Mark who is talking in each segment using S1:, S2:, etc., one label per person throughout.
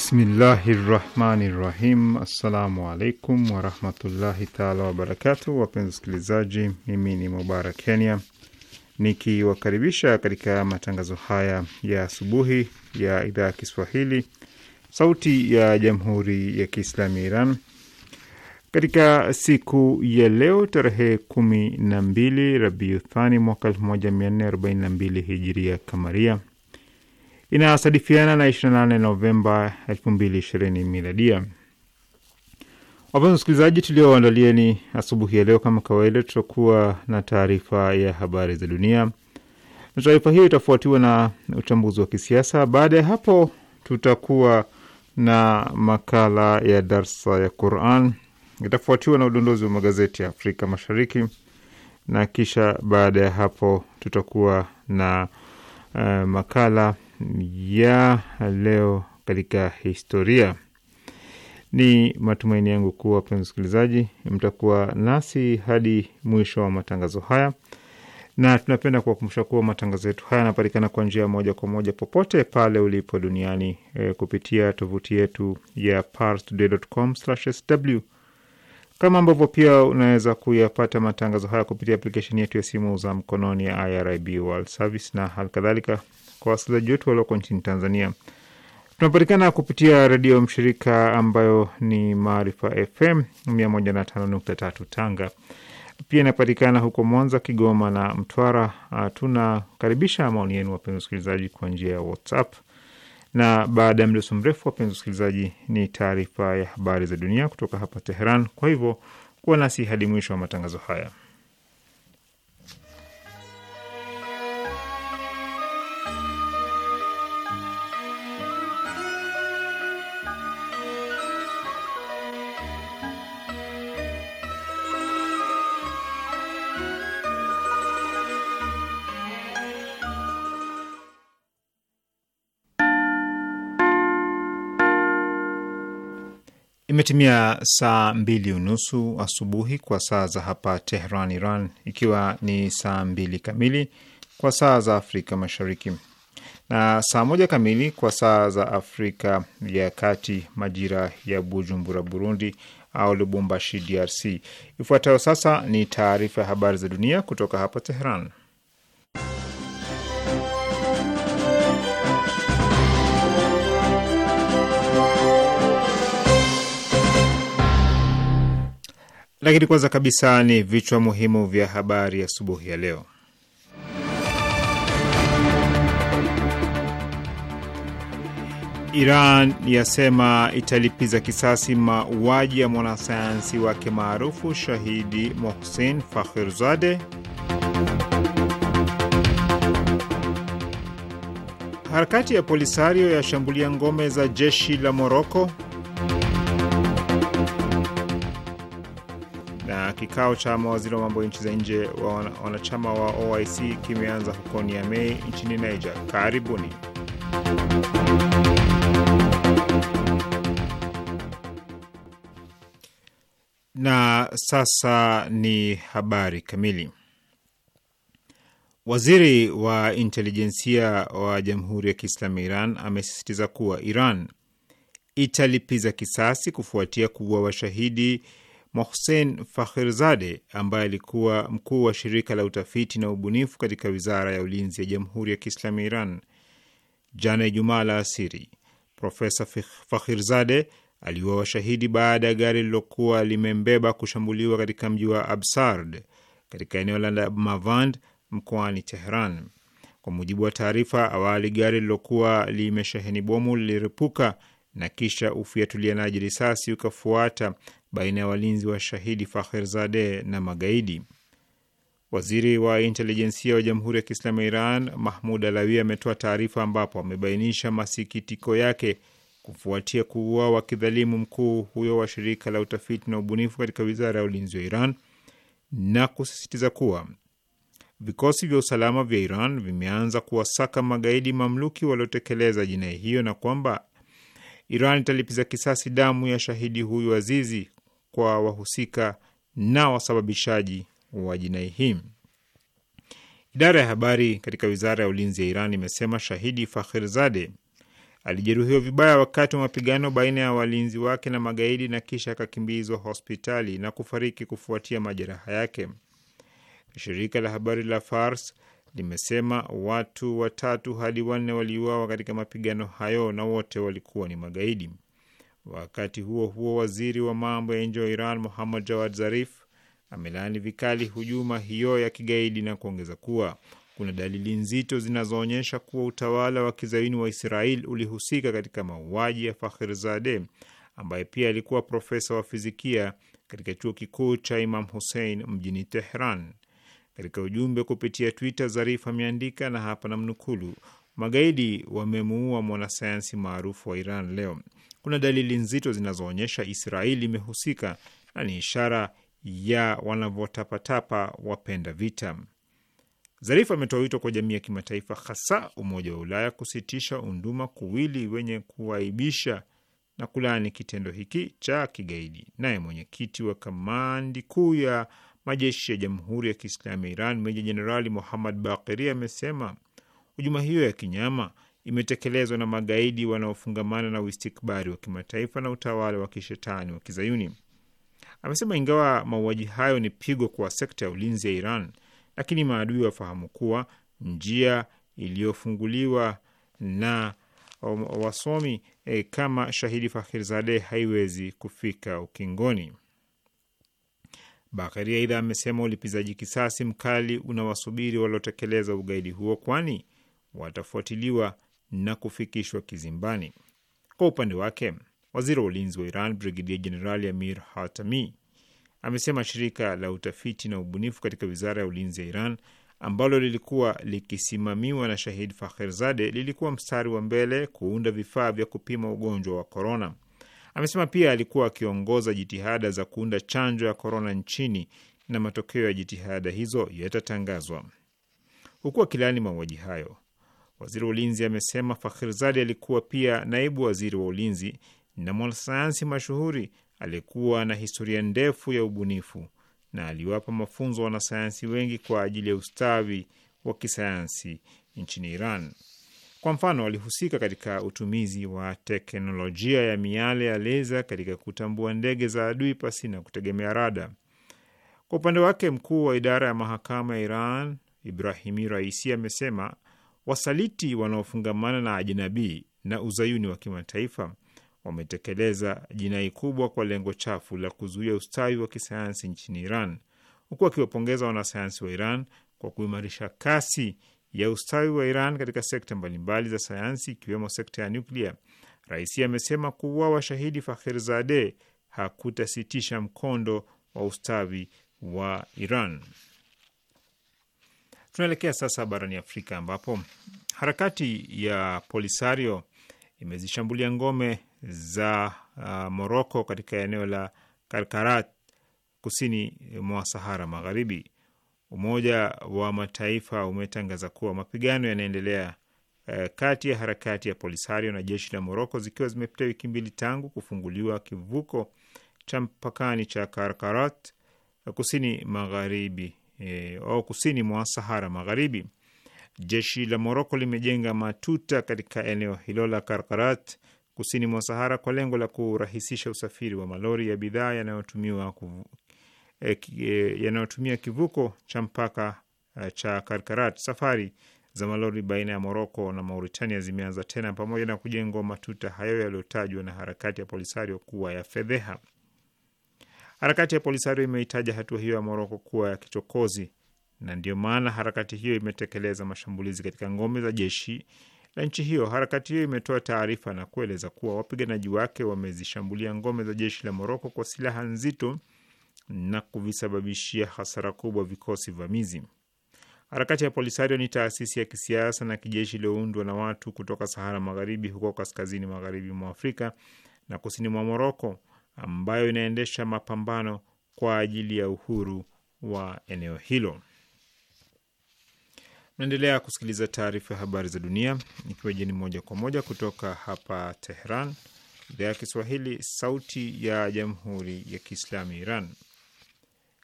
S1: Bismillahi rahmani rahim. Assalamu alaikum warahmatullahi taala wabarakatu. Wapenzi wasikilizaji, mimi ni Mubarak Kenya nikiwakaribisha katika matangazo haya ya asubuhi ya idhaa ya Kiswahili sauti ya jamhuri ya Kiislamu ya Iran katika siku ya leo tarehe kumi na mbili Rabiuthani mwaka mbili hijiria kamaria inasadifiana na 28 Novemba 2020 miladia. Wapenzi wasikilizaji, tulioandalieni asubuhi ya leo, kama kawaida, tutakuwa na taarifa ya habari za dunia na taarifa hiyo itafuatiwa na uchambuzi wa kisiasa. Baada ya hapo, tutakuwa na makala ya darsa ya Quran, itafuatiwa na udondozi wa magazeti ya Afrika Mashariki, na kisha baada ya hapo tutakuwa na uh, makala ya leo katika historia. Ni matumaini yangu kuwa wapenzi wasikilizaji, mtakuwa nasi hadi mwisho wa matangazo haya, na tunapenda kuwakumbusha kuwa matangazo yetu haya yanapatikana kwa njia moja kwa moja popote pale ulipo duniani e, kupitia tovuti yetu ya parstoday.com/sw, kama ambavyo pia unaweza kuyapata matangazo haya kupitia aplikesheni yetu ya simu za mkononi ya IRIB World Service na halikadhalika kwa wasikilizaji wetu walioko nchini Tanzania. Tunapatikana kupitia redio mshirika ambayo ni Maarifa FM 105.3 Tanga. Pia inapatikana huko Mwanza, Kigoma na Mtwara. Ah, tunakaribisha maoni yenu, wapenzi wasikilizaji, kwa njia ya WhatsApp. Na baada ya mdoso mrefu, wapenzi wasikilizaji, ni taarifa ya habari za dunia kutoka hapa Teheran. Kwa hivyo kuwa nasi hadi mwisho wa matangazo haya. Imetimia saa mbili unusu asubuhi kwa saa za hapa Tehran, Iran, ikiwa ni saa mbili kamili kwa saa za Afrika Mashariki na saa moja kamili kwa saa za Afrika ya Kati, majira ya Bujumbura, Burundi, au Lubumbashi, DRC. Ifuatayo sasa ni taarifa ya habari za dunia kutoka hapa Tehran. Lakini kwanza kabisa ni vichwa muhimu vya habari asubuhi ya, ya leo. Iran yasema italipiza kisasi mauaji ya mwanasayansi wake maarufu shahidi Mohsen Fakhrizadeh. Harakati ya Polisario yashambulia ngome za jeshi la Moroko. Kikao cha mawaziri wa mambo ya nchi za nje wa wanachama wa OIC kimeanza huko Niamey nchini Niger. Karibuni. Na sasa ni habari kamili. Waziri wa intelijensia wa Jamhuri ya Kiislamu ya Iran amesisitiza kuwa Iran italipiza kisasi kufuatia kuua washahidi Mohsen Fakhrizade ambaye alikuwa mkuu wa shirika la utafiti na ubunifu katika wizara ya ulinzi ya Jamhuri ya Kiislamu ya Iran. Jana Ijumaa la asiri, Profesa Fakhirzade aliuawa shahidi baada ya gari lilokuwa limembeba kushambuliwa katika mji wa Absard katika eneo la Mavand mkoani Tehran. Kwa mujibu wa taarifa, awali gari lilokuwa limesheheni bomu liliripuka na kisha ufiatulianaji risasi ukafuata baina ya walinzi wa shahidi zade na magaidi. Waziri wa intelijensia wa Jamhuri ya Kiislamu ya Iran Mahmud Alawi ametoa taarifa ambapo amebainisha masikitiko yake kufuatia kuuawa kidhalimu mkuu huyo wa shirika la utafiti na ubunifu katika wizara ya ulinzi wa Iran na kusisitiza kuwa vikosi vya usalama vya Iran vimeanza kuwasaka magaidi mamluki waliotekeleza jinai hiyo na kwamba Iran italipiza kisasi damu ya shahidi huyu azizi kwa wahusika na wasababishaji wa jinai hii. Idara ya habari katika wizara ya ulinzi ya Iran imesema shahidi Fakhrizade alijeruhiwa vibaya wakati wa mapigano baina ya walinzi wake na magaidi na kisha akakimbizwa hospitali na kufariki kufuatia majeraha yake. Shirika la habari la Fars limesema watu watatu hadi wanne waliuawa katika mapigano hayo na wote walikuwa ni magaidi. Wakati huo huo, waziri wa mambo ya nje wa Iran Muhammad Jawad Zarif amelaani vikali hujuma hiyo ya kigaidi na kuongeza kuwa kuna dalili nzito zinazoonyesha kuwa utawala wa kizaini wa Israel ulihusika katika mauaji ya zade ambaye pia alikuwa profesa wa fizikia katika chuo kikuu cha Imam Hussein mjini Tehran. Katika ujumbe kupitia Twitter, Zarif ameandika na hapa namnukulu: magaidi wamemuua mwanasayansi maarufu wa Iran leo kuna dalili nzito zinazoonyesha Israeli imehusika na ni ishara ya wanavyotapatapa wapenda vita. Zarif ametoa wito kwa jamii ya kimataifa, hasa Umoja wa Ulaya, kusitisha unduma kuwili wenye kuaibisha na kulaani kitendo hiki cha kigaidi. Naye mwenyekiti wa kamandi kuu ya majeshi ya Jamhuri ya Kiislamu ya Iran, Meja Jenerali Muhammad Bakiri, amesema hujuma hiyo ya kinyama imetekelezwa na magaidi wanaofungamana na uistikbari wa kimataifa na utawala wa kishetani wa kizayuni. Amesema ingawa mauaji hayo ni pigo kwa sekta ya ulinzi ya Iran, lakini maadui wafahamu kuwa njia iliyofunguliwa na wasomi e, kama shahidi Fakhrizadeh haiwezi kufika ukingoni. Bakari aidha amesema ulipizaji kisasi mkali unawasubiri waliotekeleza ugaidi huo, kwani watafuatiliwa na kufikishwa kizimbani. Kwa upande wake, waziri wa ulinzi wa Iran Brigedia Jenerali Amir Hatami amesema shirika la utafiti na ubunifu katika wizara ya ulinzi ya Iran ambalo lilikuwa likisimamiwa na Shahid Fakherzade lilikuwa mstari wa mbele kuunda vifaa vya kupima ugonjwa wa korona. Amesema pia alikuwa akiongoza jitihada za kuunda chanjo ya korona nchini na matokeo ya jitihada hizo yatatangazwa. Huku akilani mauaji hayo, Waziri wa ulinzi amesema Fakhrizade alikuwa pia naibu waziri wa ulinzi na mwanasayansi mashuhuri aliyekuwa na historia ndefu ya ubunifu na aliwapa mafunzo wanasayansi wengi kwa ajili ya ustawi wa kisayansi nchini Iran. Kwa mfano, alihusika katika utumizi wa teknolojia ya miale ya leza katika kutambua ndege za adui pasi na kutegemea rada. Kwa upande wake, mkuu wa idara ya mahakama ya Iran Ibrahimi Raisi amesema Wasaliti wanaofungamana na ajinabii na uzayuni wa kimataifa wametekeleza jinai kubwa kwa lengo chafu la kuzuia ustawi wa kisayansi nchini Iran, huku akiwapongeza wanasayansi wa Iran kwa kuimarisha kasi ya ustawi wa Iran katika sekta mbalimbali za sayansi ikiwemo sekta ya nuklia. Raisi amesema washahidi shahidi Fakhrizadeh hakutasitisha mkondo wa ustawi wa Iran. Tunaelekea sasa barani Afrika ambapo harakati ya Polisario imezishambulia ngome za uh, Moroko katika eneo la Karkarat kusini mwa Sahara Magharibi. Umoja wa Mataifa umetangaza kuwa mapigano yanaendelea uh, kati ya harakati ya Polisario na jeshi la Moroko zikiwa zimepita wiki mbili tangu kufunguliwa kivuko cha mpakani cha Karkarat uh, kusini magharibi e, kusini mwa Sahara Magharibi. Jeshi la Moroko limejenga matuta katika eneo hilo la Karkarat kusini mwa Sahara kwa lengo la kurahisisha usafiri wa malori ya bidhaa yanayotumia e, eh, eh, yanayotumia kivuko cha mpaka e, cha Karkarat. Safari za malori baina ya Moroko na Mauritania zimeanza tena pamoja na kujengwa matuta hayo yaliyotajwa na harakati ya Polisario kuwa ya fedheha. Harakati ya Polisario imeitaja hatua hiyo ya Moroko kuwa ya kichokozi na ndiyo maana harakati hiyo imetekeleza mashambulizi katika ngome za jeshi la nchi hiyo. Harakati hiyo imetoa taarifa na kueleza kuwa wapiganaji wake wamezishambulia ngome za jeshi la Moroko kwa silaha nzito na kuvisababishia hasara kubwa vikosi vamizi. Harakati ya Polisario ni taasisi ya kisiasa na kijeshi iliyoundwa na watu kutoka Sahara Magharibi huko kaskazini magharibi mwa Afrika na kusini mwa Moroko ambayo inaendesha mapambano kwa ajili ya uhuru wa eneo hilo. Naendelea kusikiliza taarifa ya habari za dunia, ikiwa jeni moja kwa moja kutoka hapa Tehran, idhaa ya Kiswahili, sauti ya jamhuri ya kiislamu Iran.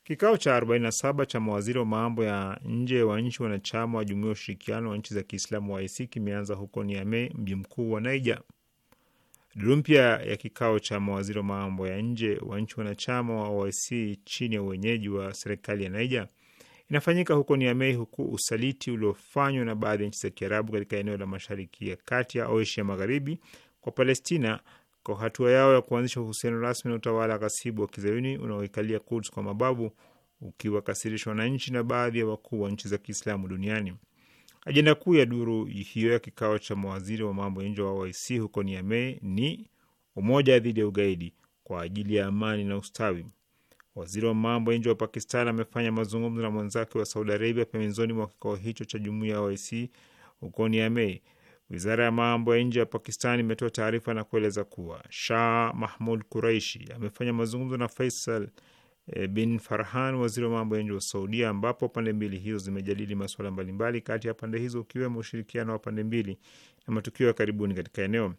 S1: Kikao cha 47 cha mawaziri wa mambo ya nje wa nchi wanachama wa jumuia ya ushirikiano wa nchi za Kiislamu wa kimeanza huko Niamey, mji mkuu wa Niger. Duru mpya ya kikao cha mawaziri wa mambo ya nje wa nchi wanachama wa OIC chini ya uwenyeji wa serikali ya Niger inafanyika huko Niamey, huku usaliti uliofanywa na baadhi ya nchi za Kiarabu katika eneo la mashariki ya kati au Asia magharibi kwa Palestina kwa hatua yao ya kuanzisha uhusiano rasmi na utawala kasibu wa kizayuni unaoikalia Kuds kwa mabavu ukiwakasirishwa wananchi na baadhi ya wakuu wa nchi za Kiislamu duniani. Ajenda kuu ya duru hiyo ya kikao cha mawaziri wa mambo ya nje wa OIC huko Niamey ni umoja dhidi ya ugaidi kwa ajili ya amani na ustawi. Waziri wa mambo ya nje wa Pakistan amefanya mazungumzo na mwenzake wa Saudi Arabia pembezoni mwa kikao hicho cha jumuiya ya OIC huko Niamey. Wizara ya mambo ya nje ya Pakistan imetoa taarifa na kueleza kuwa Shah Mahmud Kuraishi amefanya mazungumzo na Faisal E, bin Farhan, waziri wa mambo ya nje wa Saudia, ambapo pande mbili hizo zimejadili masuala mbalimbali kati ya pande hizo ukiwemo ushirikiano wa pande mbili na matukio ya karibuni katika eneo.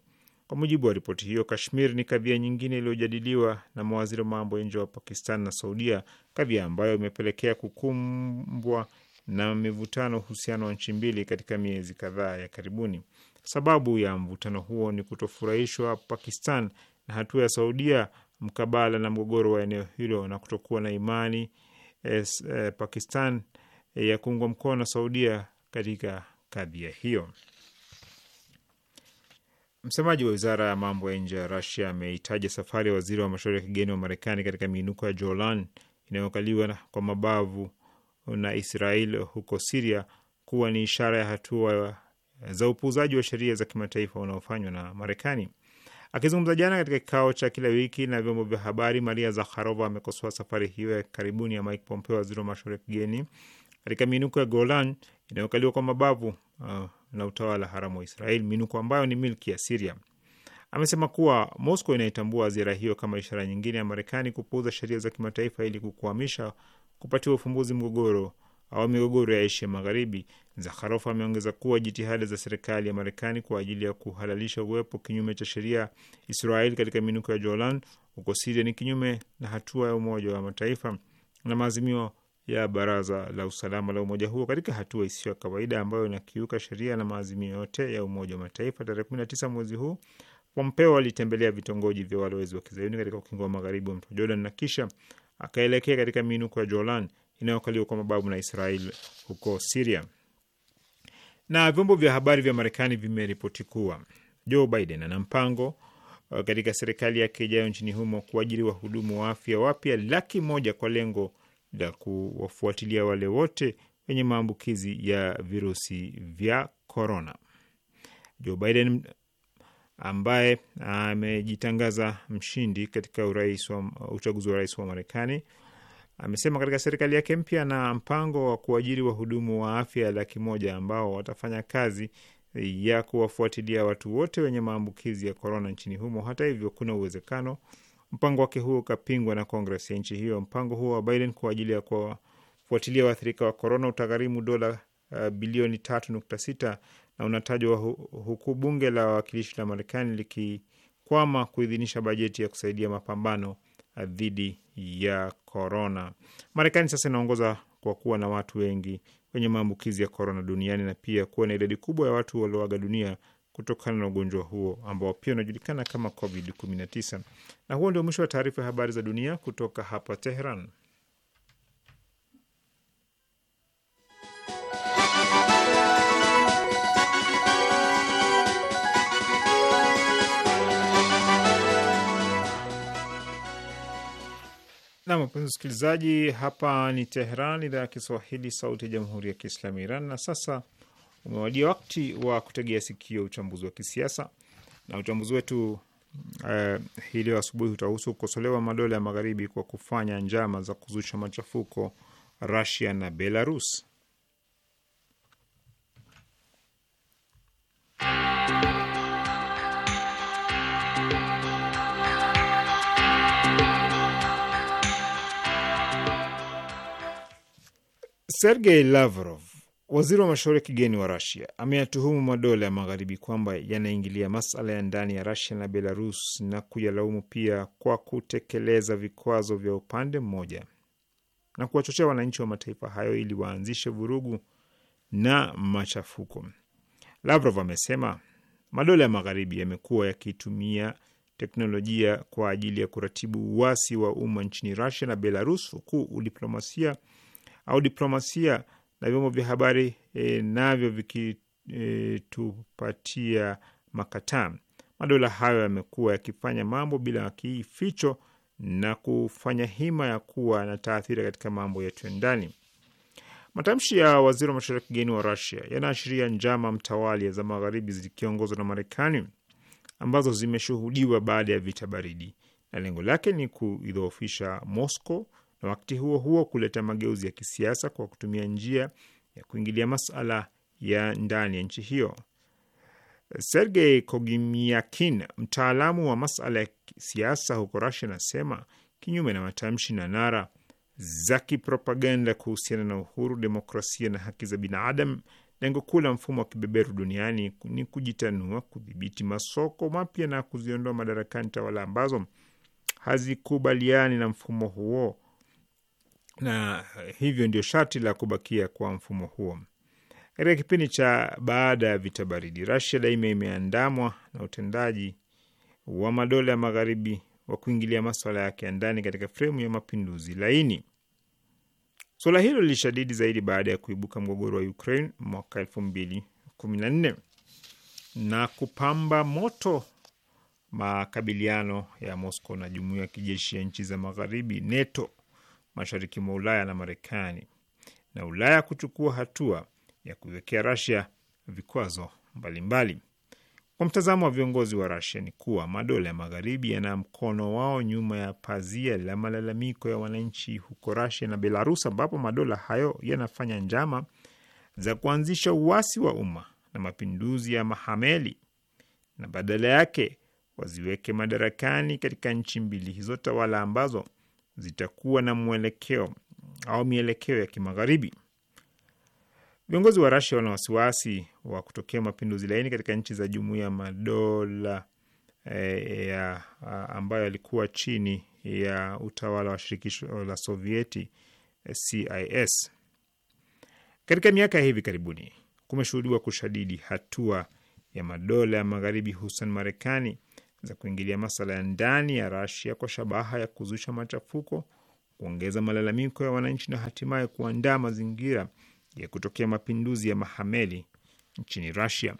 S1: Kwa mujibu wa ripoti hiyo, Kashmir ni kadhia nyingine iliyojadiliwa na mawaziri wa mambo ya nje wa Pakistan na Saudia, kadhia ambayo imepelekea kukumbwa na mivutano uhusiano wa nchi mbili katika miezi kadhaa ya karibuni. Sababu ya mvutano huo ni kutofurahishwa Pakistan na hatua ya Saudia mkabala na mgogoro wa eneo hilo na kutokuwa na imani es, eh, Pakistan eh, ya kuungwa mkono Saudia katika kadhia hiyo. Msemaji wa wizara ya mambo ya nje ya Rasia ameitaja safari ya waziri wa mashauri ya kigeni wa Marekani katika miinuko ya Jolan inayokaliwa kwa mabavu na Israel huko Siria kuwa ni ishara ya hatua za upuuzaji wa sheria za kimataifa unaofanywa na Marekani. Akizungumza jana katika kikao cha kila wiki na vyombo vya habari, Maria Zakharova amekosoa safari hiyo ya karibuni ya Mike Pompeo, waziri wa mashauri ya kigeni, katika miinuko ya Golan inayokaliwa kwa mabavu uh, na utawala haramu wa Israeli, miinuko ambayo ni milki ya Siria. Amesema kuwa Moscow inaitambua ziara hiyo kama ishara nyingine ya Marekani kupuuza sheria za kimataifa ili kukwamisha kupatiwa ufumbuzi mgogoro au migogoro ya Asia Magharibi. Zakharov ameongeza kuwa jitihada za serikali ya Marekani kwa ajili ya kuhalalisha uwepo kinyume cha sheria Israeli katika minuko ya Jolan huko Siria ni kinyume na hatua ya Umoja wa Mataifa na maazimio ya Baraza la Usalama la umoja huo katika hatua isiyo ya kawaida ambayo inakiuka sheria na maazimio yote ya Umoja wa Mataifa. Tarehe 19 mwezi huu, Pompeo alitembelea vitongoji vya walowezi wa kizayuni katika ukingo wa magharibi wa mto Jordan na kisha akaelekea katika minuko ya Jolan inayokaliwa kwa mabavu na Israel huko Siria. Na vyombo vya habari vya Marekani vimeripoti kuwa Joe Biden ana mpango uh, katika serikali yake ijayo nchini humo kuajiri wahudumu wa afya wapya laki moja kwa lengo la kuwafuatilia wale wote wenye maambukizi ya virusi vya korona. Joe Biden ambaye amejitangaza mshindi katika urais wa uchaguzi wa rais wa Marekani Amesema katika serikali yake mpya na mpango wa kuajiri wahudumu wa afya laki moja ambao watafanya kazi ya kuwafuatilia watu wote wenye maambukizi ya korona nchini humo. Hata hivyo, kuna uwezekano mpango wake huo ukapingwa na Kongres ya nchi hiyo. Mpango huo wa Biden kwa ajili ya kuwafuatilia waathirika wa korona utagharimu dola uh, bilioni 3.6 na unatajwa huku bunge la wawakilishi la Marekani likikwama kuidhinisha bajeti ya kusaidia mapambano dhidi ya korona. Marekani sasa inaongoza kwa kuwa na watu wengi wenye maambukizi ya korona duniani na pia kuwa na idadi kubwa ya watu walioaga dunia kutokana na ugonjwa huo ambao pia unajulikana kama COVID-19. Na huo ndio mwisho wa taarifa ya habari za dunia kutoka hapa Teheran. Nam, mpenzi msikilizaji, hapa ni teheran idhaa ya Kiswahili, sauti ya jamhuri ya kiislamu Iran. Na sasa umewadia wakati wa kutegea sikio uchambuzi wa kisiasa, na uchambuzi wetu eh, hii leo asubuhi utahusu kukosolewa madola ya magharibi kwa kufanya njama za kuzusha machafuko Rusia na Belarus. Sergei Lavrov, waziri wa mashauri ya kigeni wa Rasia, ameyatuhumu madola ya magharibi kwamba yanaingilia masala ya ndani ya Rasia na Belarus na kuyalaumu pia kwa kutekeleza vikwazo vya upande mmoja na kuwachochea wananchi wa mataifa hayo ili waanzishe vurugu na machafuko. Lavrov amesema madola ya magharibi yamekuwa yakitumia teknolojia kwa ajili ya kuratibu uasi wa umma nchini Rasia na Belarus, huku udiplomasia au diplomasia na vyombo vya habari e, navyo vikitupatia e, makataa. Madola hayo yamekuwa yakifanya mambo bila kificho na kufanya hima ya kuwa na taathira katika mambo yetu ya ndani. Matamshi ya waziri wa mashauri ya kigeni wa Rusia yanaashiria njama mtawalia za magharibi zikiongozwa na Marekani ambazo zimeshuhudiwa baada ya vita baridi, na lengo lake ni kuidhoofisha Moscow na wakati huo huo kuleta mageuzi ya kisiasa kwa kutumia njia ya kuingilia masala ya ndani ya nchi hiyo. Sergei Kogimiakin, mtaalamu wa masala ya siasa huko Rusia, anasema kinyume na matamshi na nara za kipropaganda kuhusiana na uhuru, demokrasia na haki za binadamu, lengo kuu la mfumo wa kibeberu duniani ni kujitanua, kudhibiti masoko mapya na kuziondoa madarakani tawala ambazo hazikubaliani na mfumo huo na eh, hivyo ndio sharti la kubakia kwa mfumo huo. Katika kipindi cha baada ya vita baridi, Rasia daima imeandamwa na utendaji wa madola ya magharibi wa kuingilia maswala yake ya ndani katika fremu ya mapinduzi laini. Suala hilo lilishadidi zaidi baada ya kuibuka mgogoro wa Ukraine mwaka elfu mbili kumi na nne na kupamba moto makabiliano ya Moscow na jumuiya ya kijeshi ya nchi za magharibi NATO mashariki mwa Ulaya na Marekani na Ulaya kuchukua hatua ya kuiwekea Rasia vikwazo mbalimbali mbali. Kwa mtazamo wa viongozi wa Rasia ni kuwa madola ya magharibi yana mkono wao nyuma ya pazia la malalamiko ya wananchi huko Rasia na Belarus, ambapo madola hayo yanafanya njama za kuanzisha uasi wa umma na mapinduzi ya mahameli na badala yake waziweke madarakani katika nchi mbili hizo tawala ambazo zitakuwa na mwelekeo au mielekeo ya kimagharibi. Viongozi wa Rasia wana wasiwasi wa kutokea mapinduzi laini katika nchi za jumuia ya madola e, ya ambayo yalikuwa chini ya utawala wa shirikisho la Sovieti CIS. Katika miaka ya hivi karibuni kumeshuhudiwa kushadidi hatua ya madola ya magharibi, hususan Marekani za kuingilia masuala ya ndani ya Rasia kwa shabaha ya kuzusha machafuko, kuongeza malalamiko ya wananchi na hatimaye kuandaa mazingira ya kutokea mapinduzi ya mahameli nchini Rasia.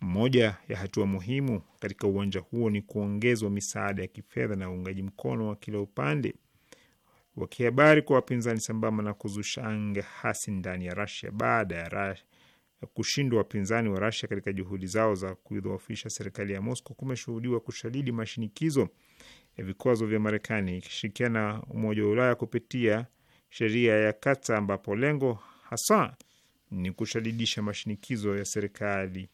S1: Moja ya hatua muhimu katika uwanja huo ni kuongezwa misaada ya kifedha na uungaji mkono wa kila upande wa kihabari kwa wapinzani, sambamba na kuzusha anga hasi ndani ya Rasia. Baada ya kushindwa wapinzani wa Rasia katika juhudi zao za kuidhoofisha serikali ya Moscow kumeshuhudiwa kushadidi mashinikizo ya vikwazo vya Marekani ikishirikiana na Umoja wa Ulaya kupitia sheria ya Kata, ambapo lengo hasa ni kushadidisha mashinikizo ya serikali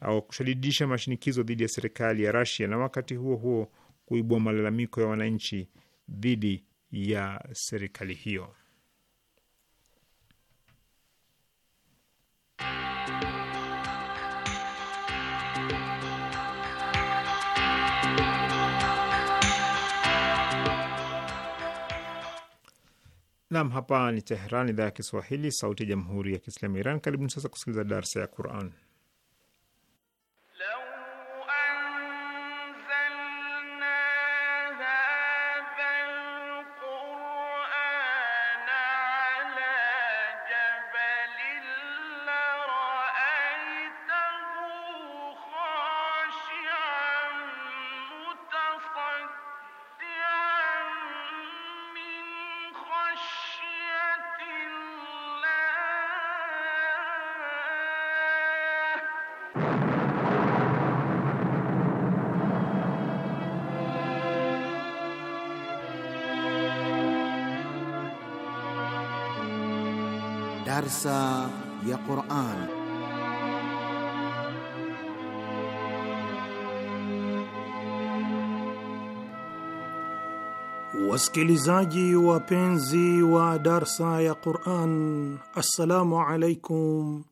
S1: au kushadidisha mashinikizo dhidi ya serikali ya Rasia na wakati huo huo kuibua malalamiko ya wananchi dhidi ya serikali hiyo. Nam, hapa ni Teheran, idhaa ya Kiswahili, sauti ya jamhuri ya kiislamu ya Iran. Karibuni sasa kusikiliza darsa ya Quran.
S2: darsa ya Qur'an.
S3: Wasikilizaji wapenzi wa darsa ya Qur'an, assalamu alaikum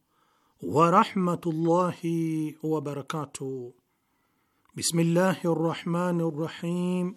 S3: wa rahmatullahi wa barakatuh. Bismillahir rahmanir rahim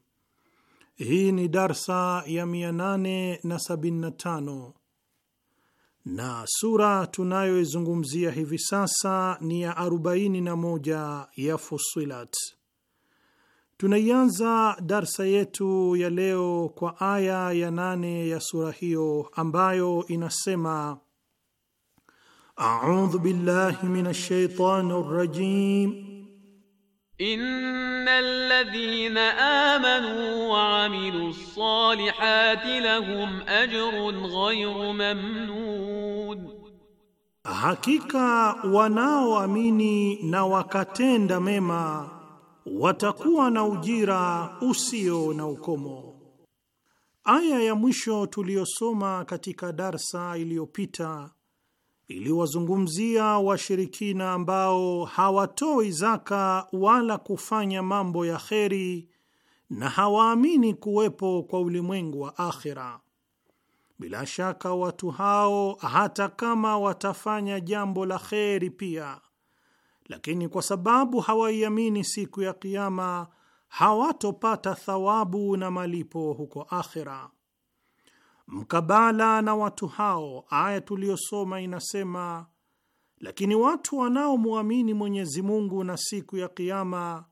S3: Hii ni darsa ya 875 na sura tunayoizungumzia hivi sasa ni ya 41 ya Fusilat. Tunaianza darsa yetu ya leo kwa aya ya 8 ya sura hiyo ambayo inasema: audhu billahi minash shaitani rajim
S4: إن الذين آمنوا وعملوا الصالحات لهم أجر غير ممنون
S3: Hakika wanaoamini na wakatenda mema watakuwa na ujira usio na ukomo. Aya ya mwisho tuliyosoma katika darsa iliyopita iliwazungumzia washirikina ambao hawatoi zaka wala kufanya mambo ya kheri na hawaamini kuwepo kwa ulimwengu wa akhira. Bila shaka watu hao hata kama watafanya jambo la kheri pia, lakini kwa sababu hawaiamini siku ya Kiama hawatopata thawabu na malipo huko akhira. Mkabala na watu hao, aya tuliyosoma inasema, lakini watu wanaomwamini Mwenyezi Mungu na siku ya Kiama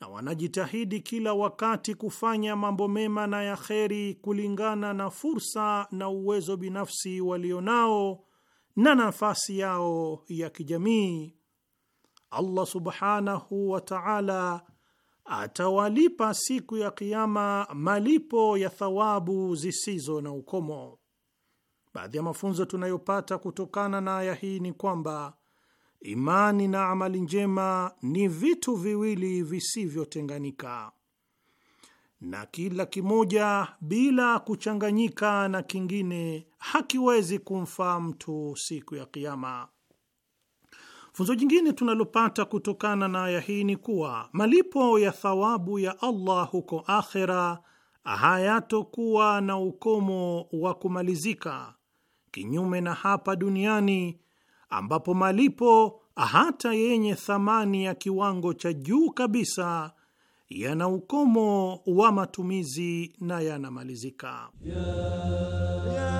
S3: na wanajitahidi kila wakati kufanya mambo mema na ya kheri kulingana na fursa na uwezo binafsi walionao na nafasi yao ya kijamii, Allah subhanahu wa taala atawalipa siku ya Kiama malipo ya thawabu zisizo na ukomo. Baadhi ya mafunzo tunayopata kutokana na aya hii ni kwamba imani na amali njema ni vitu viwili visivyotenganika, na kila kimoja bila kuchanganyika na kingine hakiwezi kumfaa mtu siku ya Kiama. Funzo jingine tunalopata kutokana na aya hii ni kuwa malipo ya thawabu ya Allah huko akhera hayatokuwa na ukomo wa kumalizika, kinyume na hapa duniani ambapo malipo hata yenye thamani ya kiwango cha juu kabisa yana ukomo wa matumizi na yanamalizika ya, ya.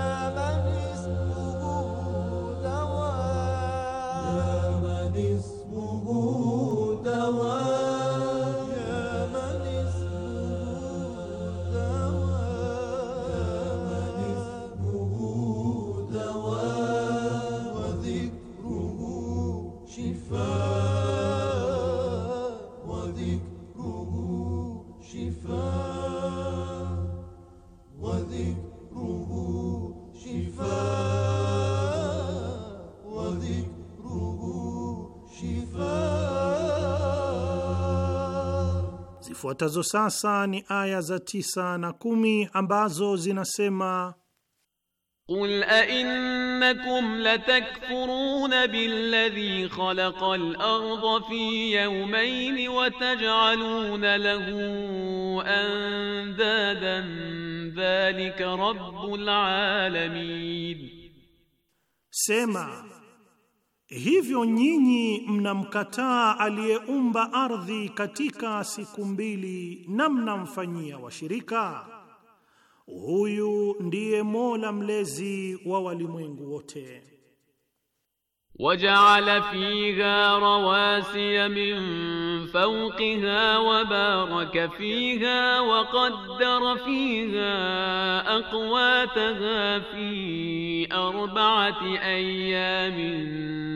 S3: Zifuatazo sasa ni aya za tisa na kumi ambazo zinasema Qul ainnakum
S4: latakfuruna billadhi khalaqa al-ardha fi yawmayn wa taj'aluna lahu andadan dhalika rabbul alamin,
S3: sema Hivyo nyinyi mnamkataa aliyeumba ardhi katika siku mbili na mnamfanyia washirika. Huyu ndiye Mola mlezi wa walimwengu wote.
S4: وجعل فيها رواسي من فوقها وبارك فيها وقدر فيها أقواتها في أربعة أيام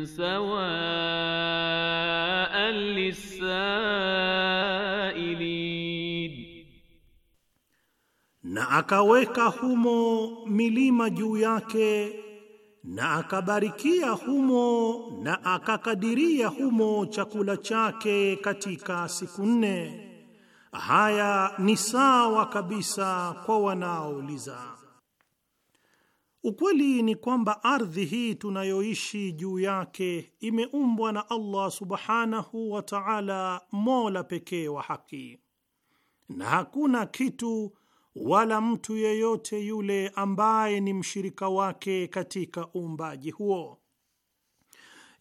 S4: سواء
S3: للسائلين na akaweka humo milima juu yake na akabarikia humo na akakadiria humo chakula chake katika siku nne. Haya ni sawa kabisa kwa wanaouliza. Ukweli ni kwamba ardhi hii tunayoishi juu yake imeumbwa na Allah subhanahu wa ta'ala, mola pekee wa haki, na hakuna kitu wala mtu yeyote yule ambaye ni mshirika wake katika uumbaji huo.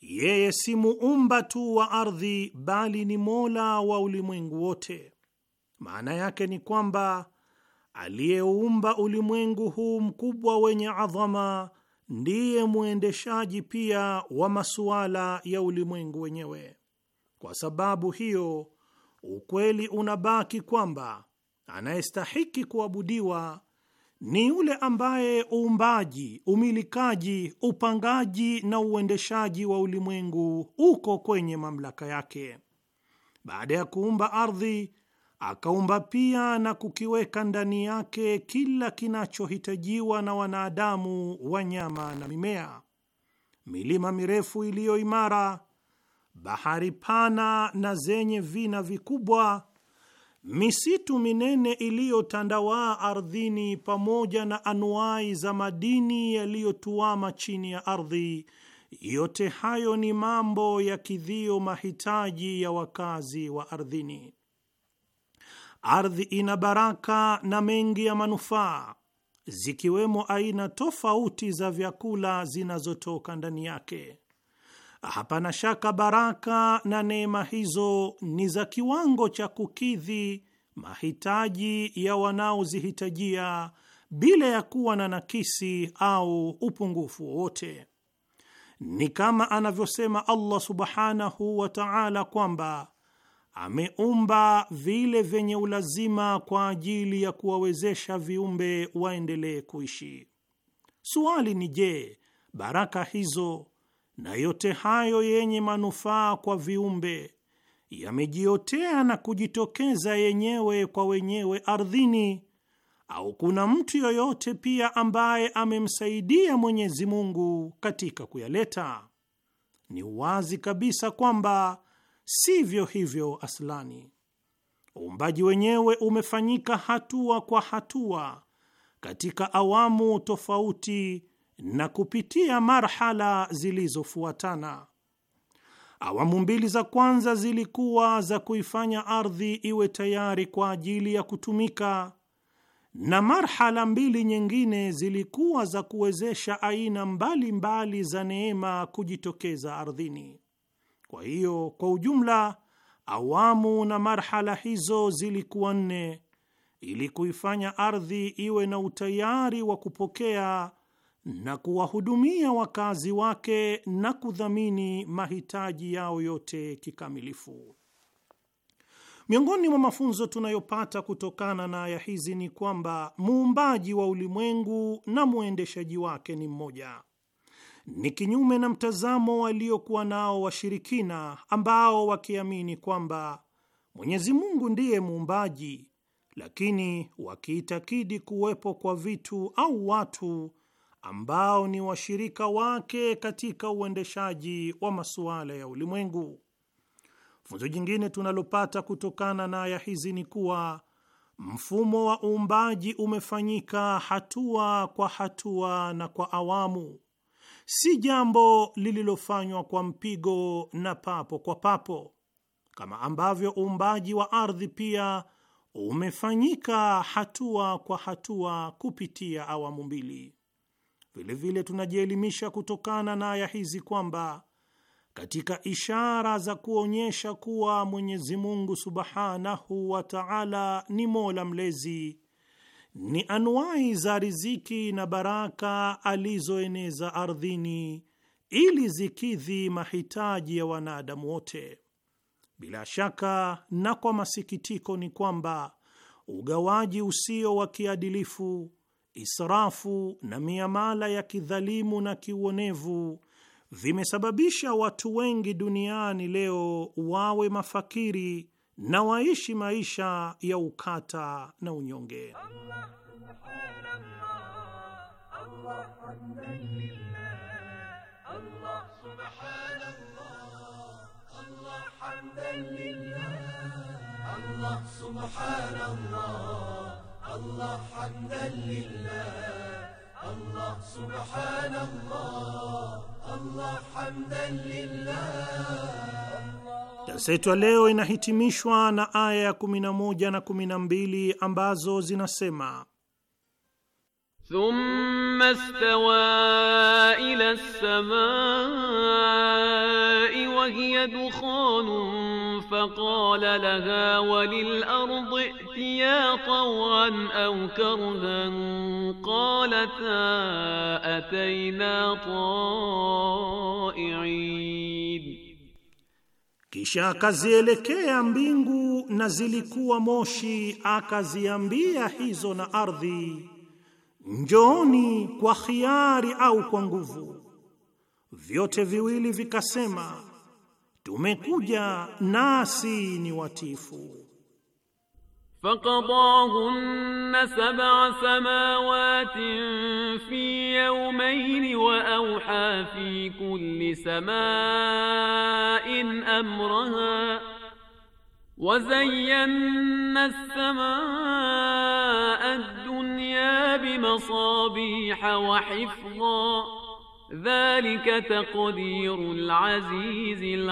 S3: Yeye si muumba tu wa ardhi, bali ni mola wa ulimwengu wote. Maana yake ni kwamba aliyeumba ulimwengu huu mkubwa wenye adhama ndiye mwendeshaji pia wa masuala ya ulimwengu wenyewe. Kwa sababu hiyo, ukweli unabaki kwamba anayestahiki kuabudiwa ni yule ambaye uumbaji, umilikaji, upangaji na uendeshaji wa ulimwengu uko kwenye mamlaka yake. Baada ya kuumba ardhi, akaumba pia na kukiweka ndani yake kila kinachohitajiwa na wanadamu, wanyama na mimea, milima mirefu iliyo imara, bahari pana na zenye vina vikubwa Misitu minene iliyotandawaa ardhini pamoja na anuai za madini yaliyotuama chini ya ardhi, yote hayo ni mambo yakidhio mahitaji ya wakazi wa ardhini. Ardhi ina baraka na mengi ya manufaa, zikiwemo aina tofauti za vyakula zinazotoka ndani yake. Hapana shaka baraka na neema hizo ni za kiwango cha kukidhi mahitaji ya wanaozihitajia bila ya kuwa na nakisi au upungufu wowote. Ni kama anavyosema Allah subhanahu wa ta'ala kwamba ameumba vile vyenye ulazima kwa ajili ya kuwawezesha viumbe waendelee kuishi. Suali ni je, baraka hizo na yote hayo yenye manufaa kwa viumbe yamejiotea na kujitokeza yenyewe kwa wenyewe ardhini, au kuna mtu yoyote pia ambaye amemsaidia Mwenyezi Mungu katika kuyaleta? Ni wazi kabisa kwamba sivyo hivyo aslani. Uumbaji wenyewe umefanyika hatua kwa hatua katika awamu tofauti na kupitia marhala zilizofuatana. Awamu mbili za kwanza zilikuwa za kuifanya ardhi iwe tayari kwa ajili ya kutumika, na marhala mbili nyingine zilikuwa za kuwezesha aina mbalimbali mbali za neema kujitokeza ardhini. Kwa hiyo, kwa ujumla, awamu na marhala hizo zilikuwa nne ili kuifanya ardhi iwe na utayari wa kupokea na kuwahudumia wakazi wake na kudhamini mahitaji yao yote kikamilifu. Miongoni mwa mafunzo tunayopata kutokana na aya hizi ni kwamba muumbaji wa ulimwengu na mwendeshaji wake ni mmoja. Ni kinyume na mtazamo waliokuwa nao washirikina ambao wakiamini kwamba Mwenyezi Mungu ndiye muumbaji, lakini wakiitakidi kuwepo kwa vitu au watu ambao ni washirika wake katika uendeshaji wa masuala ya ulimwengu. Funzo jingine tunalopata kutokana na aya hizi ni kuwa mfumo wa uumbaji umefanyika hatua kwa hatua na kwa awamu, si jambo lililofanywa kwa mpigo na papo kwa papo, kama ambavyo uumbaji wa ardhi pia umefanyika hatua kwa hatua kupitia awamu mbili. Vilevile tunajielimisha kutokana na aya hizi kwamba katika ishara za kuonyesha kuwa Mwenyezi Mungu Subhanahu wa Ta'ala ni Mola mlezi ni anuwai za riziki na baraka alizoeneza ardhini ili zikidhi mahitaji ya wanadamu wote. Bila shaka na kwa masikitiko ni kwamba ugawaji usio wa kiadilifu israfu na miamala ya kidhalimu na kiuonevu vimesababisha watu wengi duniani leo wawe mafakiri na waishi maisha ya ukata na unyonge.
S5: Allah, Allah
S6: hamdan lillah Allah subhanallah Allah hamdan lillah.
S3: Darsa yetu ya leo inahitimishwa na aya ya 11 na 12 ambazo zinasema
S4: ثم استوى إلى السماء وهي دخان فقال لها وللأرض ائتيا طوعا أو كرها قالتا أتينا طائعين
S3: Kisha akazielekea mbingu na zilikuwa moshi, akaziambia hizo na ardhi njoni kwa khiari au kwa nguvu. Vyote viwili vikasema, tumekuja nasi ni watifu. Faqadahunna sab'a
S4: samawatin fi yawmayn wa awha fi kulli sama'in amraha wa zayyana as-samaa masabiha wa hifdha dhalika taqdirul azizil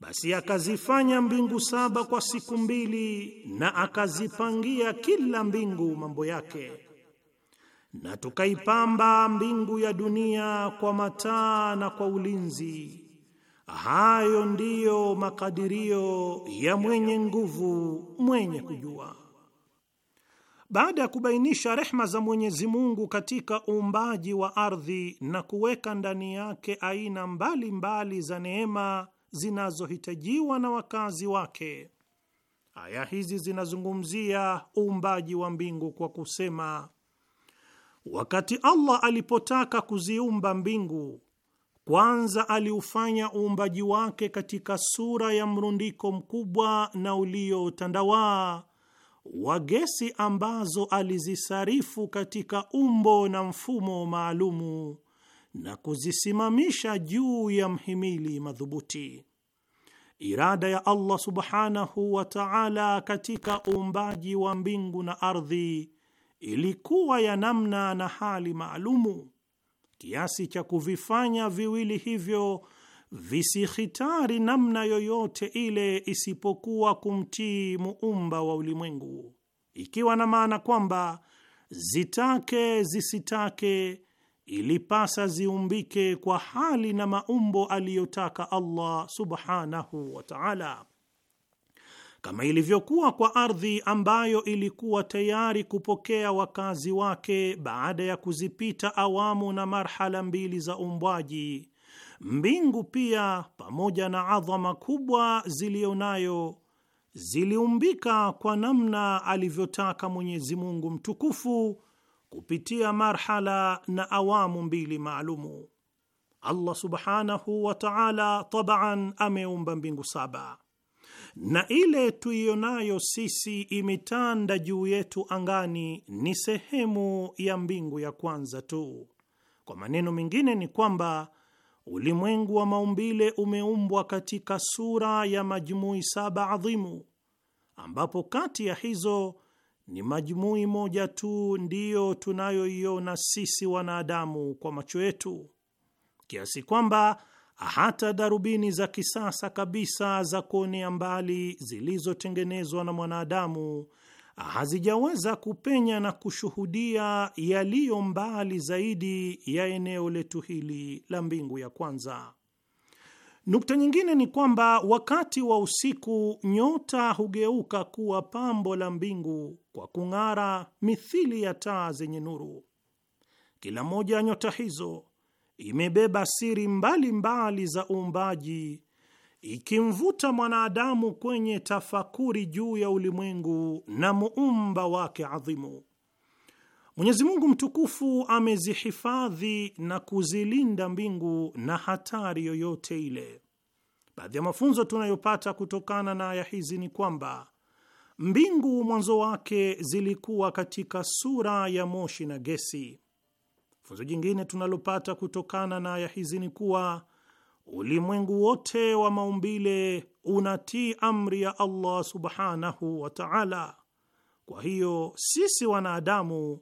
S3: basi akazifanya mbingu saba kwa siku mbili na akazipangia kila mbingu mambo yake na tukaipamba mbingu ya dunia kwa mataa na kwa ulinzi. Hayo ndiyo makadirio ya mwenye nguvu mwenye kujua. Baada ya kubainisha rehma za Mwenyezi Mungu katika uumbaji wa ardhi na kuweka ndani yake aina mbalimbali mbali za neema zinazohitajiwa na wakazi wake, aya hizi zinazungumzia uumbaji wa mbingu kwa kusema, wakati Allah alipotaka kuziumba mbingu, kwanza aliufanya uumbaji wake katika sura ya mrundiko mkubwa na uliotandawaa wa gesi ambazo alizisarifu katika umbo na mfumo maalumu na kuzisimamisha juu ya mhimili madhubuti. Irada ya Allah subhanahu wa ta'ala katika uumbaji wa mbingu na ardhi ilikuwa ya namna na hali maalumu kiasi cha kuvifanya viwili hivyo visihitari namna yoyote ile isipokuwa kumtii muumba wa ulimwengu, ikiwa na maana kwamba zitake zisitake, ilipasa ziumbike kwa hali na maumbo aliyotaka Allah subhanahu wa ta'ala, kama ilivyokuwa kwa ardhi ambayo ilikuwa tayari kupokea wakazi wake baada ya kuzipita awamu na marhala mbili za umbwaji Mbingu pia pamoja na adhama kubwa ziliyonayo ziliumbika kwa namna alivyotaka Mwenyezi Mungu mtukufu kupitia marhala na awamu mbili maalumu. Allah subhanahu wa ta'ala tabaan ameumba mbingu saba, na ile nayo sisi imetanda juu yetu angani ni sehemu ya mbingu ya kwanza tu. Kwa maneno mengine ni kwamba ulimwengu wa maumbile umeumbwa katika sura ya majumui saba adhimu, ambapo kati ya hizo ni majumui moja tu ndiyo tunayoiona sisi wanadamu kwa macho yetu, kiasi kwamba hata darubini za kisasa kabisa za kuonea mbali zilizotengenezwa na mwanadamu hazijaweza kupenya na kushuhudia yaliyo mbali zaidi ya eneo letu hili la mbingu ya kwanza. Nukta nyingine ni kwamba wakati wa usiku nyota hugeuka kuwa pambo la mbingu kwa kung'ara mithili ya taa zenye nuru. Kila moja ya nyota hizo imebeba siri mbalimbali mbali za uumbaji ikimvuta mwanadamu kwenye tafakuri juu ya ulimwengu na muumba wake adhimu. Mwenyezi Mungu mtukufu amezihifadhi na kuzilinda mbingu na hatari yoyote ile. Baadhi ya mafunzo tunayopata kutokana na aya hizi ni kwamba mbingu mwanzo wake zilikuwa katika sura ya moshi na gesi. Funzo jingine tunalopata kutokana na aya hizi ni kuwa ulimwengu wote wa maumbile unatii amri ya Allah subhanahu wa ta'ala. Kwa hiyo sisi wanadamu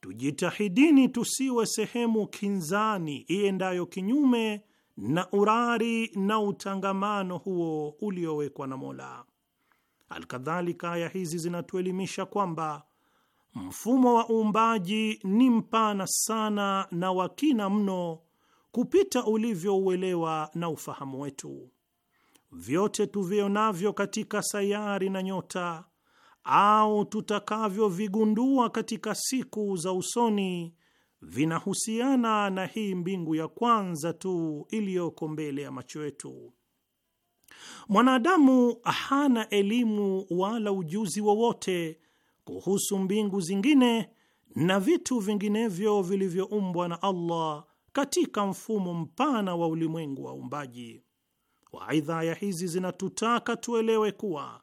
S3: tujitahidini tusiwe sehemu kinzani iendayo kinyume na urari na utangamano huo uliowekwa na Mola. Alkadhalika, aya hizi zinatuelimisha kwamba mfumo wa uumbaji ni mpana sana na wa kina mno kupita ulivyouelewa na ufahamu wetu. Vyote tuvionavyo katika sayari na nyota au tutakavyovigundua katika siku za usoni vinahusiana na hii mbingu ya kwanza tu iliyoko mbele ya macho yetu. Mwanadamu hana elimu wala ujuzi wowote wa kuhusu mbingu zingine na vitu vinginevyo vilivyoumbwa na Allah katika mfumo mpana wa ulimwengu wa uumbaji. Waidha, aya hizi zinatutaka tuelewe kuwa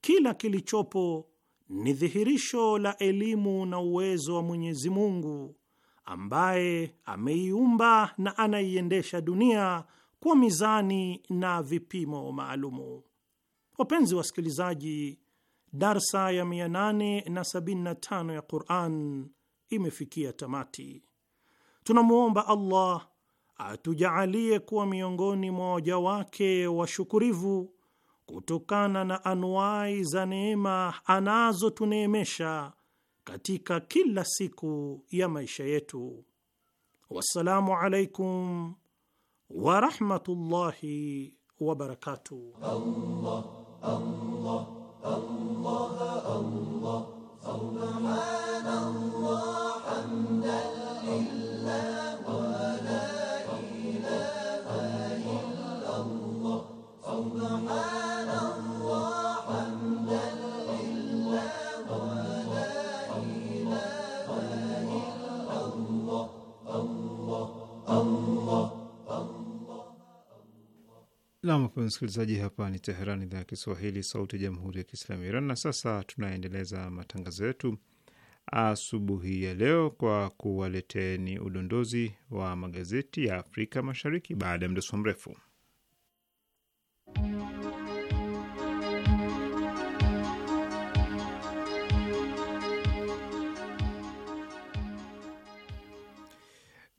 S3: kila kilichopo ni dhihirisho la elimu na uwezo wa Mwenyezi Mungu ambaye ameiumba na anaiendesha dunia kwa mizani na vipimo maalumu. Wapenzi wasikilizaji, darsa ya 875 ya Quran imefikia tamati. Tunamwomba Allah atujaalie kuwa miongoni mwa waja wake washukurivu kutokana na anuwai za neema anazotuneemesha katika kila siku ya maisha yetu. Wassalamu alaikum warahmatullahi wabarakatuh.
S6: Allah, Allah, Allah, Allah, Allah, Allah, Allah, Allah,
S1: msikilizaji, hapa ni Teheran, idhaa ya Kiswahili, sauti ya jamhuri ya kiislamu ya Iran. Na sasa tunaendeleza matangazo yetu asubuhi ya leo kwa kuwaleteni udondozi wa magazeti ya Afrika Mashariki baada ya mdoso mrefu.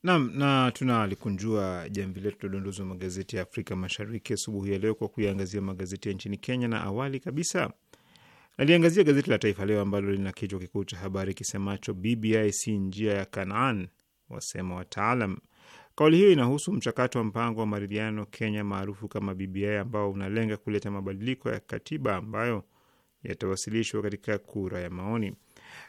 S1: Nam na tunalikunjua jamvi letu la udondozi wa magazeti ya Afrika Mashariki asubuhi ya leo kwa kuyaangazia magazeti ya nchini Kenya, na awali kabisa Aliangazia gazeti la Taifa Leo ambalo lina kichwa kikuu cha habari kisemacho BBI si njia ya Kanaan, wasema wataalam. Kauli hiyo inahusu mchakato wa mpango wa maridhiano Kenya maarufu kama BBI ambao unalenga kuleta mabadiliko ya katiba ambayo yatawasilishwa katika kura ya maoni.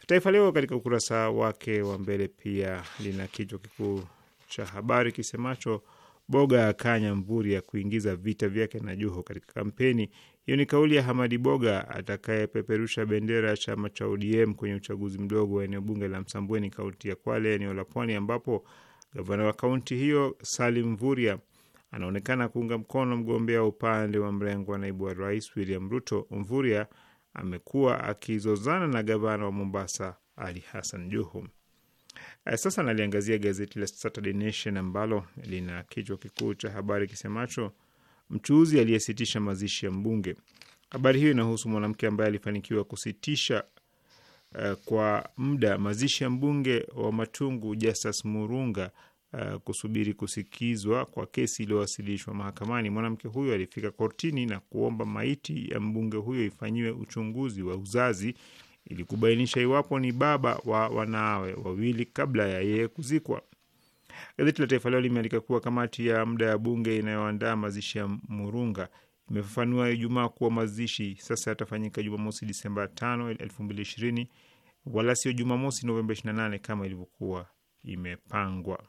S1: Taifa Leo katika ukurasa wake wa mbele pia lina kichwa kikuu cha habari kisemacho Boga akanya Mvuri ya kuingiza vita vyake na Juho katika kampeni hiyo ni kauli ya Hamadi Boga atakayepeperusha bendera ya chama cha ODM kwenye uchaguzi mdogo wa eneo bunge la Msambweni, kaunti ya Kwale, eneo la Pwani, ambapo gavana wa kaunti hiyo Salim Vuria anaonekana kuunga mkono mgombea upande wa mrengo wa naibu wa rais William Ruto. mvuria amekuwa akizozana na gavana wa Mombasa Ali Hassan juhu eh, Sasa naliangazia gazeti la Saturday Nation ambalo lina kichwa kikuu cha habari kisemacho mchuuzi aliyesitisha mazishi ya mbunge. Habari hiyo inahusu mwanamke ambaye alifanikiwa kusitisha uh, kwa muda mazishi ya mbunge wa Matungu Justus Murunga uh, kusubiri kusikizwa kwa kesi iliyowasilishwa mahakamani. Mwanamke huyo alifika kortini na kuomba maiti ya mbunge huyo ifanyiwe uchunguzi wa uzazi ili kubainisha iwapo ni baba wa wanawe wawili kabla ya yeye kuzikwa. Gazeti la Taifa Leo limeandika kuwa kamati ya muda ya bunge inayoandaa mazishi ya Murunga imefafanua Ijumaa kuwa mazishi sasa yatafanyika Jumamosi Disemba 5, 2020 wala sio Jumamosi Novemba 28 kama ilivyokuwa imepangwa.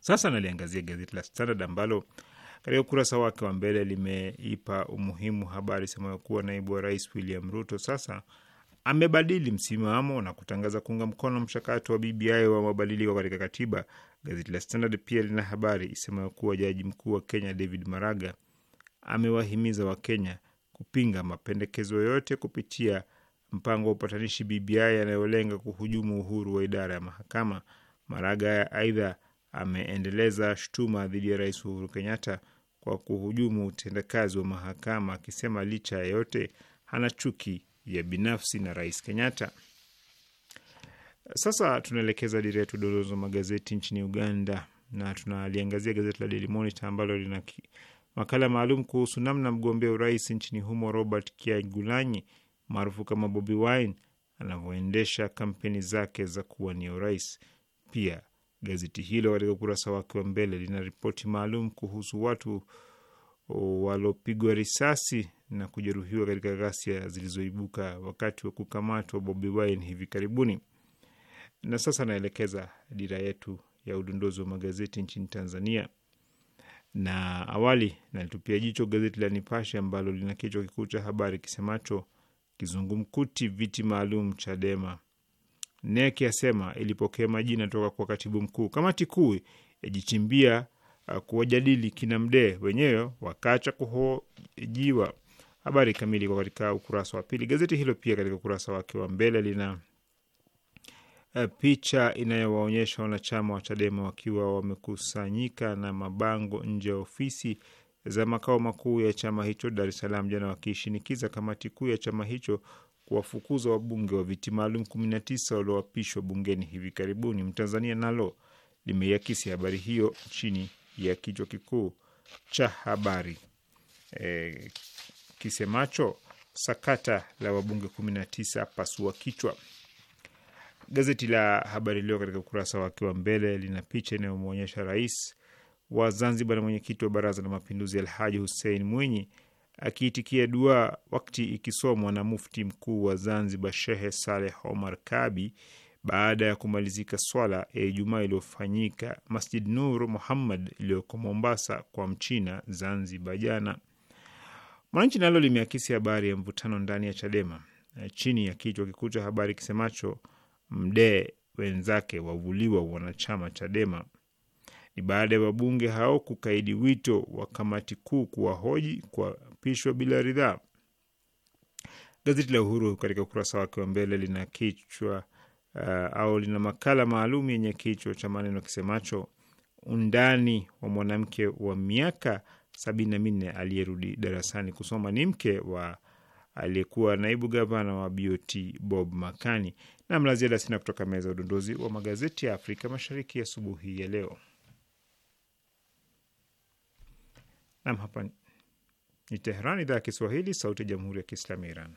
S1: Sasa naliangazia gazeti la Standard ambalo katika ukurasa wake wa mbele limeipa umuhimu habari semayo kuwa naibu wa rais William Ruto sasa amebadili msimamo na kutangaza kuunga mkono mchakato wa BBI wa mabadiliko katika katiba Gazeti la Standard pia lina habari isemayo kuwa jaji mkuu wa Kenya David Maraga amewahimiza Wakenya kupinga mapendekezo yoyote kupitia mpango wa upatanishi BBI yanayolenga kuhujumu uhuru wa idara ya mahakama. Maraga aidha ameendeleza shutuma dhidi ya Rais Uhuru Kenyatta kwa kuhujumu utendakazi wa mahakama, akisema licha ya yote hana chuki ya binafsi na Rais Kenyatta. Sasa tunaelekeza dira yetu dodozo magazeti nchini Uganda na tunaliangazia gazeti la Daily Monitor ambalo lina makala maalum kuhusu namna mgombea urais nchini humo Robert Kyagulanyi maarufu kama Bobi Wine anavyoendesha kampeni zake za kuwania urais. Pia gazeti hilo katika ukurasa wake wa mbele lina ripoti maalum kuhusu watu walopigwa risasi na kujeruhiwa katika ghasia zilizoibuka wakati wa kukamatwa Bobi Wine hivi karibuni. Na sasa naelekeza dira yetu ya udondozi wa magazeti nchini Tanzania, na awali nalitupia jicho gazeti la Nipashe ambalo lina kichwa kikuu cha habari kisemacho kizungumkuti viti maalum Chadema. NEC yasema ilipokea majina toka kwa katibu mkuu. Kamati kuu yajichimbia uh, kuwajadili kina Mdee, wenyewe wakacha kuhojiwa. Habari kamili kwa katika ukurasa wa pili. Gazeti hilo pia katika ukurasa wake wa mbele lina Eh, picha inayowaonyesha wanachama wa Chadema wakiwa wamekusanyika na mabango nje ya ofisi za makao makuu ya chama hicho Dar es Salaam jana, wakishinikiza kamati kuu ya chama hicho kuwafukuza wabunge wa viti maalum 19 walioapishwa bungeni hivi karibuni. Mtanzania nalo limeiakisi habari hiyo chini ya kichwa kikuu cha habari e, kisemacho sakata la wabunge 19 pasua kichwa. Gazeti la Habari Leo katika ukurasa wake wa mbele lina picha inayomwonyesha rais wa Zanzibar na mwenyekiti wa Baraza la Mapinduzi Alhaji Hussein Mwinyi akiitikia dua wakati ikisomwa na mufti mkuu wa Zanzibar Shehe Saleh Omar Kabi baada ya kumalizika swala ya Ijumaa iliyofanyika Masjid Nur Muhammad iliyoko Mombasa kwa Mchina Zanzibar jana. Mwananchi nalo limeakisi habari ya mvutano ndani ya Chadema chini ya kichwa kikuu cha habari kisemacho Mdee wenzake wavuliwa wanachama Chadema. Ni baada ya wabunge hao kukaidi wito wa kamati kuu kuwahoji kuapishwa bila ridhaa. Gazeti la Uhuru katika ukurasa wake wa mbele lina kichwa uh, au lina makala maalum yenye kichwa cha maneno kisemacho undani wa mwanamke wa miaka sabini na minne aliyerudi darasani kusoma ni mke wa aliyekuwa naibu gavana wa BOT Bob Makani. Na mlaziada sina kutoka meza ya udondozi wa magazeti ya Afrika Mashariki asubuhi ya, ya leo. Nam, hapa ni Teheran, idhaa ya Kiswahili, sauti ya jamhuri ya kiislamu ya Iran.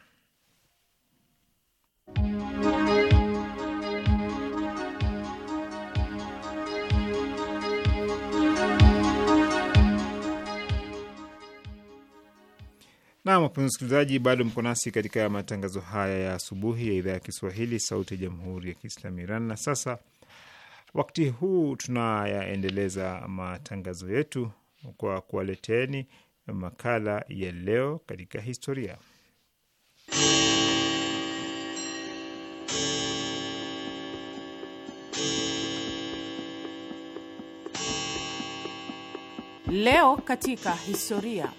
S1: Naam, wapenzi bado mko nasi katika matangazo haya ya asubuhi ya idhaa ya Kiswahili sauti ya jamhuri ya kiislamu Iran. Na sasa wakati huu tunayaendeleza matangazo yetu kwa kuwaleteni makala ya leo katika historia.
S5: Leo katika historia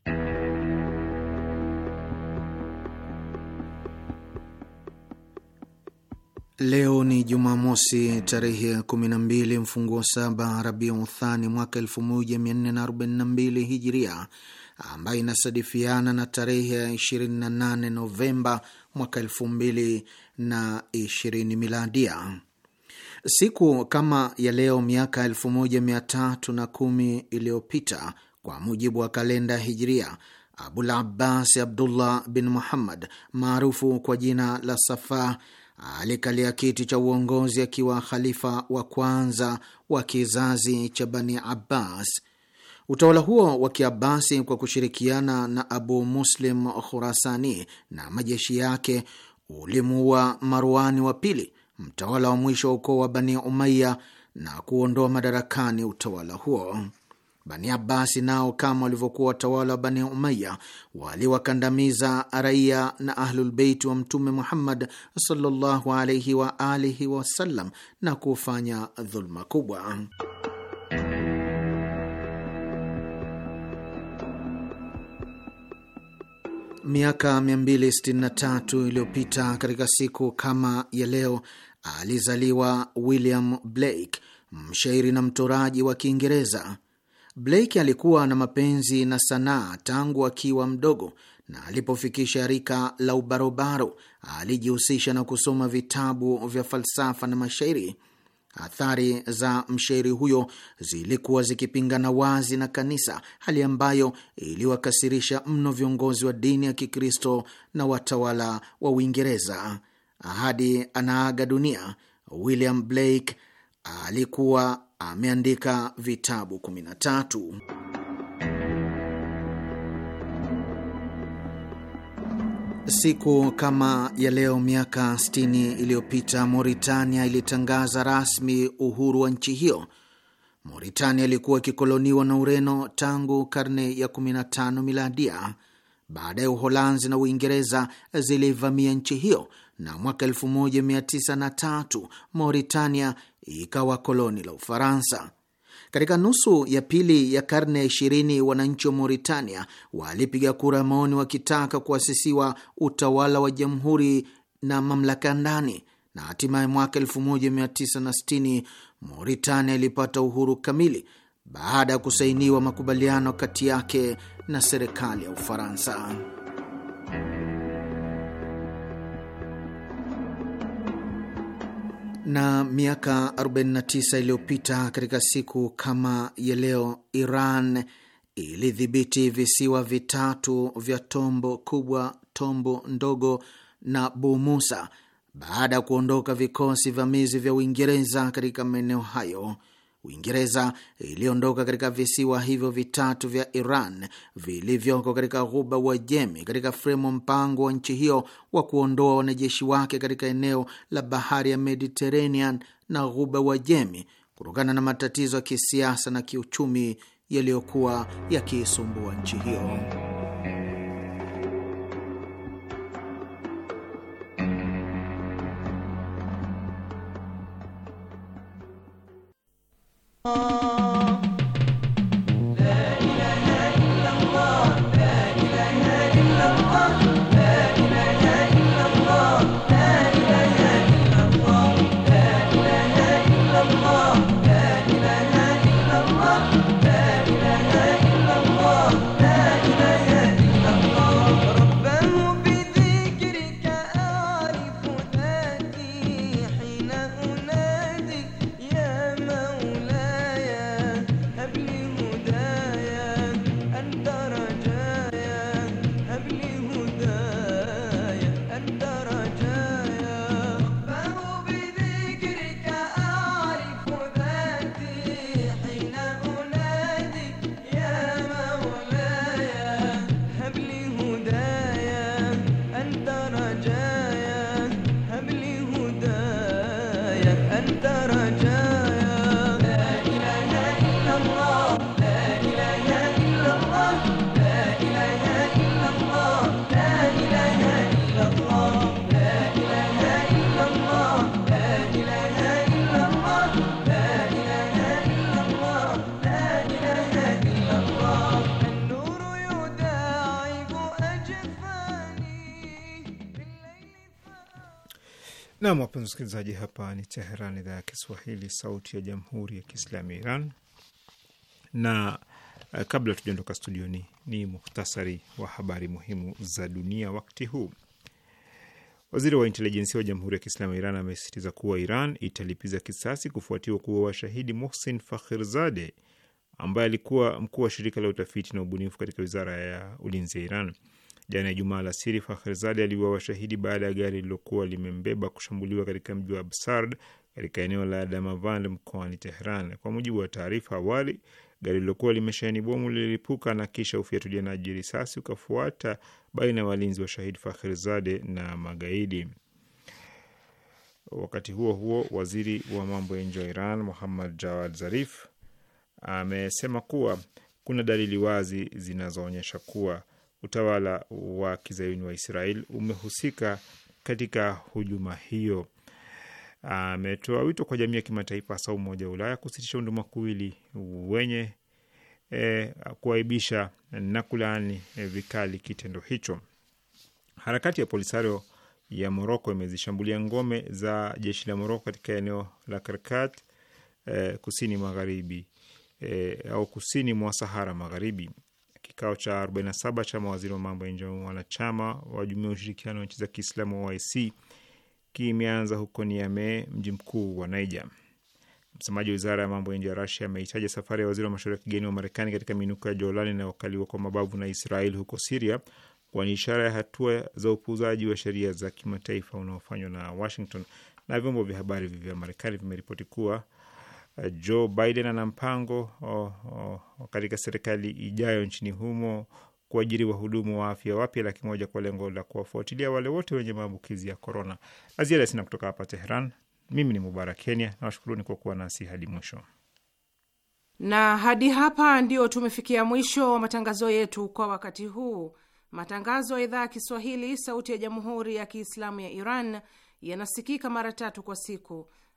S2: Leo ni Jumamosi, tarehe 12 mfunguo saba Rabiu Uthani mwaka 1442 Hijiria, ambayo inasadifiana na tarehe ya 28 Novemba mwaka 2020 Miladia. Siku kama ya leo miaka 1310 iliyopita kwa mujibu wa kalenda Hijiria, Abul Abbas Abdullah bin Muhammad maarufu kwa jina la Safa alikalia kiti cha uongozi akiwa khalifa wa kwanza wa kizazi cha Bani Abbas. Utawala huo wa Kiabasi, kwa kushirikiana na Abu Muslim Khurasani na majeshi yake, ulimuua Marwani wa pili, mtawala wa mwisho wa ukoo wa Bani Umaya, na kuondoa madarakani utawala huo. Bani abasi nao kama walivyokuwa watawala wa Bani Umaya waliwakandamiza raia na Ahlulbeiti wa Mtume Muhammad sallallahu alaihi wa alihi wasallam na kufanya dhuluma kubwa. Miaka 263 iliyopita katika siku kama ya leo alizaliwa William Blake, mshairi na mtoraji wa Kiingereza. Blake alikuwa na mapenzi na sanaa tangu akiwa mdogo, na alipofikisha rika la ubarobaro alijihusisha na kusoma vitabu vya falsafa na mashairi. Athari za mshairi huyo zilikuwa zikipingana wazi na kanisa, hali ambayo iliwakasirisha mno viongozi wa dini ya Kikristo na watawala wa Uingereza. Hadi anaaga dunia, William Blake alikuwa ameandika vitabu 13. Siku kama ya leo miaka 60 iliyopita Mauritania ilitangaza rasmi uhuru wa nchi hiyo. Mauritania ilikuwa ikikoloniwa na Ureno tangu karne ya 15 miladia. Baadaye Uholanzi na Uingereza zilivamia nchi hiyo na mwaka 1903 Mauritania ikawa koloni la Ufaransa. Katika nusu ya pili ya karne ya ishirini, wananchi wa Mauritania walipiga kura maoni wakitaka kuasisiwa utawala wa jamhuri na mamlaka ndani, na hatimaye mwaka 1960 Mauritania ilipata uhuru kamili baada ya kusainiwa makubaliano kati yake na serikali ya Ufaransa. Na miaka 49 iliyopita katika siku kama ya leo, Iran ilidhibiti visiwa vitatu vya Tombo Kubwa, Tombo Ndogo na Bu Musa baada ya kuondoka vikosi vamizi vya Uingereza katika maeneo hayo. Uingereza iliondoka katika visiwa hivyo vitatu vya Iran vilivyoko katika ghuba Jemi katika fremu mpango wa nchi hiyo wa kuondoa wanajeshi wake katika eneo la bahari ya Mediterranean na ghuba Jemi kutokana na matatizo ya kisiasa na kiuchumi yaliyokuwa yakiisumbua nchi hiyo.
S6: Oh.
S1: Nam, wapenzi msikilizaji, hapa ni Teheran, idhaa ya Kiswahili, sauti ya jamhuri ya kiislamu ya Iran. Na uh, kabla tujaondoka studioni, ni, ni muhtasari wa habari muhimu za dunia wakti huu. Waziri wa intelijensia wa jamhuri ya kiislamu ya Iran amesisitiza kuwa Iran italipiza kisasi kufuatiwa kuwa washahidi Mohsin Fakhrizadeh ambaye alikuwa mkuu wa shirika la utafiti na ubunifu katika wizara ya ulinzi ya Iran. Jana la siri Fakhrizade aliuawa shahidi baada ya gari lililokuwa limembeba kushambuliwa katika mji wa Absard katika eneo la Damavand mkoani Tehran. Kwa mujibu wa taarifa awali, gari lilokuwa limesheheni bomu lililipuka na kisha ufiatulianaji risasi ukafuata baina ya walinzi wa shahidi Fakhrizade na magaidi. Wakati huo huo, waziri wa mambo ya nje wa Iran Muhammad Jawad Zarif amesema kuwa kuna dalili wazi zinazoonyesha kuwa utawala wa kizayuni wa Israel umehusika katika hujuma hiyo. Ametoa wito kwa jamii ya kimataifa, hasa Umoja wa Ulaya, kusitisha undumakuwili wenye e, kuaibisha na kulaani e, vikali kitendo hicho. Harakati ya Polisario ya Moroko imezishambulia ngome za jeshi la Moroko katika eneo la Karkat e, kusini magharibi e, au kusini mwa Sahara Magharibi kikao cha 47 cha mawaziri wa mambo ya nje wanachama wa jumuiya ya ushirikiano wa nchi za Kiislamu OIC kimeanza huko Niamey, mji mkuu wa Niger. Msemaji wa wizara ya mambo ya nje ya Rasia ameitaja safari ya waziri wa mashauri ya kigeni wa Marekani katika minuko ya Jolani inayokaliwa kwa mabavu na Israel huko Siria kuwa ni ishara ya hatua za upuuzaji wa sheria za kimataifa unaofanywa na Washington. Na vyombo vya habari vya Marekani vimeripoti kuwa Joe Biden ana mpango oh, oh, katika serikali ijayo nchini humo kuajiri wahudumu wa afya wapya laki moja kwa lengo la kuwafuatilia wale wote wenye maambukizi ya korona. La ziada sina kutoka hapa Teheran. Mimi ni Mubarak Kenya, nawashukuruni kwa kuwa nasi hadi mwisho.
S5: Na hadi hapa ndio tumefikia mwisho wa matangazo yetu kwa wakati huu. Matangazo ya idhaa ya Kiswahili, Sauti ya Jamhuri ya Kiislamu ya Iran yanasikika mara tatu kwa siku